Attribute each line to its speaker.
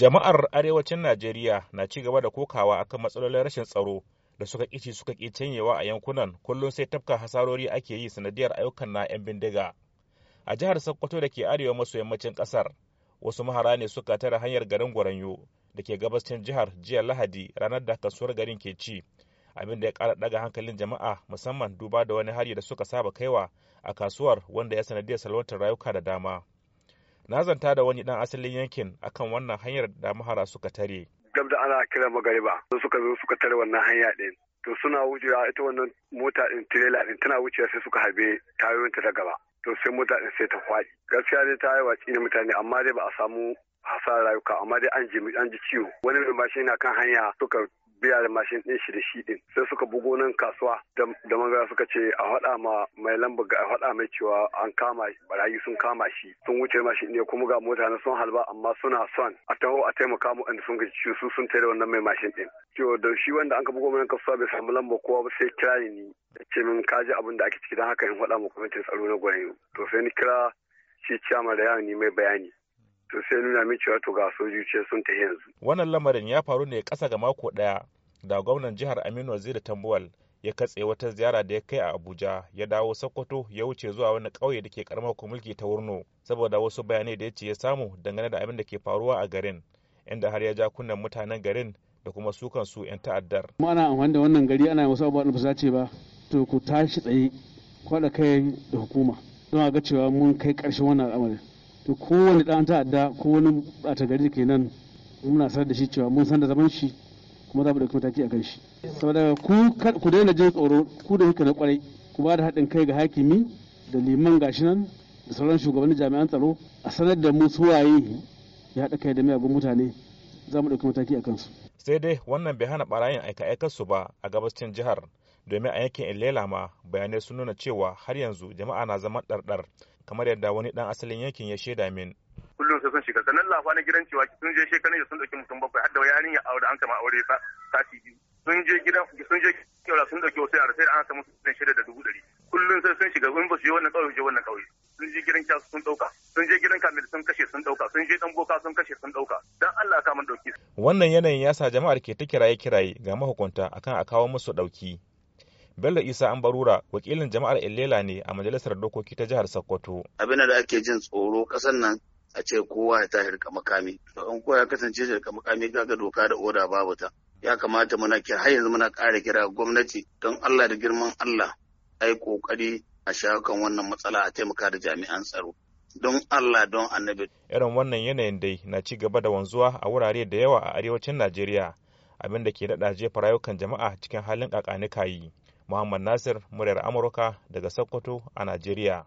Speaker 1: Jama'ar arewacin Najeriya na ci gaba da kokawa akan matsalolin rashin tsaro da suka kici suka ki canyewa a yankunan kullum sai tafka hasarori ake yi sanadiyar ayyukan na 'yan bindiga. A jihar Sokoto da ke arewa maso yammacin ƙasar wasu mahara ne suka tare hanyar garin Gwaranyo da ke gabashin jihar jiya Lahadi ranar da kasuwar garin ke ci. abin da ya kara daga hankalin jama'a musamman duba da wani hari da suka saba kaiwa a kasuwar wanda ya sanadiyar salwantar rayuka da dama. na zanta da wani dan asalin yankin akan wannan hanyar da mahara suka tare
Speaker 2: gab da ana kira magariba suka zo suka tare wannan hanya din to suna wucewa ita wannan mota din tirela din tana wucewa sai suka harbe tayoyin ta gaba to sai mota din sai ta kwaɗi gaskiya dai ta yi watsi ne mutane amma dai ba a samu hasara rayuka amma dai an ji ciwo wani mai bashi na kan hanya suka biya da mashin ɗin shi da shi ɗin sai suka bugo nan kasuwa da mangara suka ce a hada ma mai lamba ga a hada mai cewa an kama barayi sun kama shi sun wuce mashin ɗin kuma ga mota na sun halba amma suna son a taho a taimaka mu inda sun gaji su sun tare wannan mai mashin ɗin. to da shi wanda an ka bugo mai kasuwa bai samu lamba kowa ba sai kira ni ce min ka ji abin da ake ciki dan haka in hada ma kwamitin tsaro na gwani to sai ni kira shi ciyama da yawon mai bayani to sai nuna min cewa to ga sojoji sun ta yanzu.
Speaker 1: Wannan lamarin ya faru ne kasa ga mako daya da gwamnan jihar aminu waziri tambuwal ya katse wata ziyara da ya kai a abuja ya dawo sokoto ya wuce zuwa wani kauye da ke karamar mulki ta wurno saboda wasu bayanai da ya ce ya samu dangane da abin da ke faruwa a garin inda har ya ja kunnen mutanen garin da kuma su kansu 'yan ta'addar.
Speaker 3: kuma ana amfani da wannan gari ana wasu abubuwa da ba su dace ba to ku tashi tsaye kwaɗa kai da hukuma don a ga cewa mun kai ƙarshen wannan al'amarin to kowane ɗan ta'adda ko wani ɓata gari ke nan muna sanar da shi cewa mun san da zaman shi kuma za mu ɗauki mataki a kan shi saboda ku daina jin tsoro ku da kuka na kwarai ku ba da haɗin kai ga hakimi da liman gashi nan da sauran shugabannin jami'an tsaro a sanar da mu waye ya haɗa kai da miyagun mutane za mu ɗauki mataki a kansu.
Speaker 1: sai dai wannan bai hana barayin aika su ba a gabashin jihar domin a yankin ilela ma bayanai sun nuna cewa har yanzu jama'a na zama ɗarɗar kamar yadda wani ɗan asalin yankin ya shaida min.
Speaker 2: kullum sai sun shiga sanan lafa na gidan cewa sun je shekaran sun ɗauki mutum bakwai har da aure an kama aure sati biyu sun je gidan sun je kyaura sun dauki wasu yara sai da an samu sun shida da dubu dari kullum sai sun shiga in ba su yi wannan ƙauye je wannan ƙauye sun je gidan kyasu sun dauka sun je gidan kamil sun kashe sun ɗauka sun je dan boka sun kashe sun ɗauka dan Allah
Speaker 3: ka mun dauki
Speaker 1: wannan yanayin ya sa jama'ar ke ta kiraye kiraye ga mahukunta akan a kawo musu dauki Bello Isa Ambarura wakilin jama'ar Ilela ne a majalisar dokoki ta jihar Sokoto.
Speaker 2: Abin da ake jin tsoro kasan nan a ce kowa ya tashi rika makami to an kowa ya kasance shi rika makami kaga doka da oda babu ta ya kamata muna ki har yanzu muna ƙara kira gwamnati don Allah da girman Allah ai kokari a shawo wannan matsala a taimaka da jami'an tsaro don Allah don annabi
Speaker 1: irin wannan yanayin dai na ci gaba da wanzuwa a wurare da yawa a arewacin Najeriya abin da ke daɗa jefa rayukan jama'a cikin halin kakanikayi Muhammad Nasir muryar Amurka daga Sokoto a Najeriya